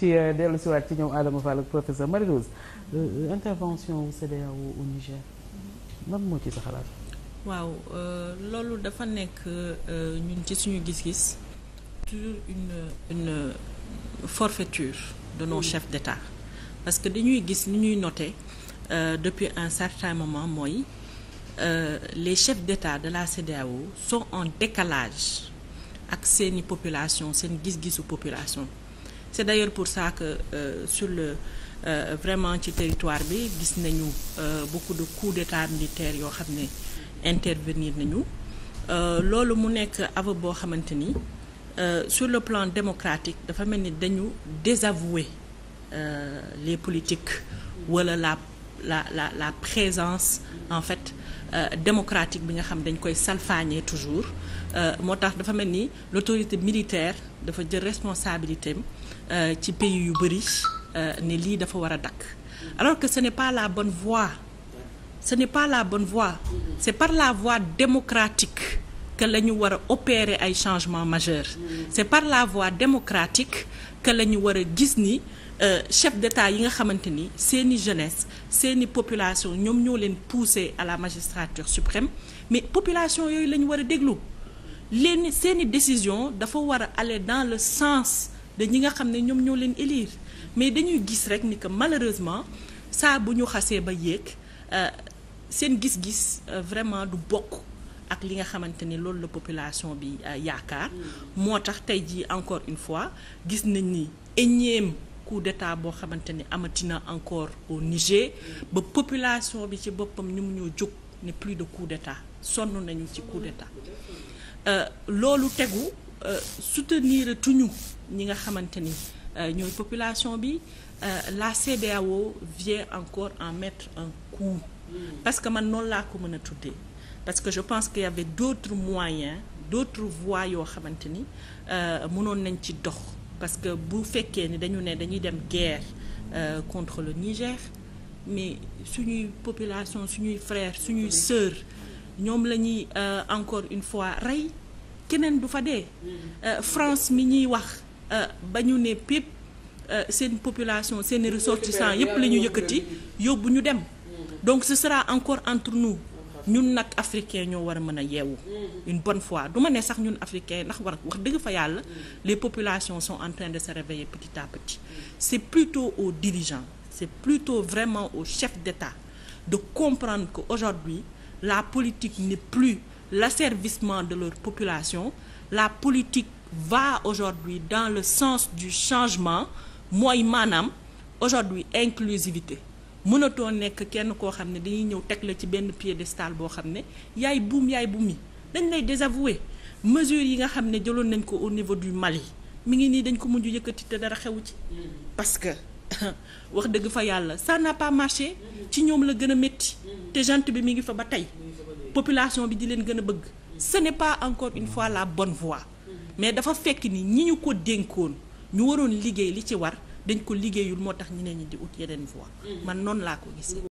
ci eh, dellu siwaat ci ñoom Adama Fall ak professeur Marie Rose euh, intervention CEDEAO au Niger lan moo ci sa xalaat waaw euh, loolu dafa nekk euh, ñun ci suñu gis-gis toujours une une forfaiture de nos mm. chefs d'État parce que dañuy gis ni ñuy noter depuis un certain moment mooy Euh, les chefs d'État de la CEDEAO sont en décalage ak seeni population seen gis-gisu population c'est d'ailleurs pour ça que euh, sur le euh, vraiment ci territoire bi gis nañu euh, beaucoup de coups d'état militaires yoo xam ne intervenir nañu euh, loolu mu nekk aveu boo xamante ni euh, sur le plan démocratique dafa mel ni dañu désavouer les politiques wala la la la la présence en fait euh, démocratique bi nga xam dañ koy salfaañee toujours euh, moo tax dafa mel ni l'autorité militaire dafa jël responsabilité am euh, ci pays yu bëri euh, ni lii dafa war a dakk alors que ce n'est pas la bonne voie ce n'est pas la bonne voie c'est par la voie démocratique que la ñu war a opérer ay changement majeurs c'est par la voie démocratique que la ñu war a gis ni euh, chef d'État yi nga xamante ni seeni jeunesse seeni population ñoom ñoo leen pousser à la magistrature suprême mais population yooyu la ñu war a déglu leen seeni décision dafa war a aller dans le sens de ñi nga xam ne ñoom ñoo leen élire mais dañuy gis rek ni que malheureusement saa bu ñu xasee ba yéeg euh, seen gis-gis euh, vraiment du bokk ak li nga xamante ni loolu la population bi euh, yaakaar mm. moo tax tey jii encore une fois gis nañ ni énième coup d'état boo xamante ni amatina encore au Niger mm. ba population bi ci boppam ñu mu ñoo jóg ne plus de coup d'état sonn nañu ci coup d'état euh, loolu tegu euh, soutenir tuñu ñi nga xamante ni ñooy population bi la wo vient encore un mettre un coup parce que man noonu laa ko mën a tuddee parce que je pense qu'il y avait d'autres moyens d'autres voies yoo xamante ni euh, mënoon nañ ci dox parce que bu fekkee ni dañu ne dañuy dem guerre euh, contre le Niger mais suñuy population suñuy frères suñuy sœurs ñoom la ñuy euh, encore une fois rey keneen du fa dee euh, France mi ñuy wax ba ñu ne pépp seen population seen ressortissants yépp la ñu yëkkati yóbbu ñu dem donc ce sera encore entre nous ñun nag africain ñoo war a mën a yeewu une bonne fois du ma ne sax ñun africain ndax war wax dëgg fa yàlla les populations sont en train de se réveiller petit à petit c'est plutôt aux dirigeants c'est plutôt vraiment aux chefs d'État de comprendre que aujourd'hui la politique n'est plus l'asservissement de leur population la politique va aujourd'hui dans le sens du changement mooy maanaam aujourd'hui inclusivité mënatoo nekk kenn koo xam ne dañuy ñëw teg la ci benn piédestal boo xam ne yaay buum yaay buum yi dañ lay désavouer mesures yi nga xam ne jëloon nañ ko au niveau du Mali mi ngi nii dañ ko mujj yëkkati te dara xewu ci. parce que wax dëgg fa yàlla ça n'a pas marché. ci ñoom la gën a métti. te jant bi mi ngi fa ba tey. population bi di leen gën a bëgg. ce n'est pas encore une fois la bonne voie. mais dafa fekk ni ñi ñu ko dénkoon ñu waroon liggéey li ci war. dañ ko liggéeyul moo tax ñeneen ñi di ut yeneen voie mm-hmm. man noon laa ko gisee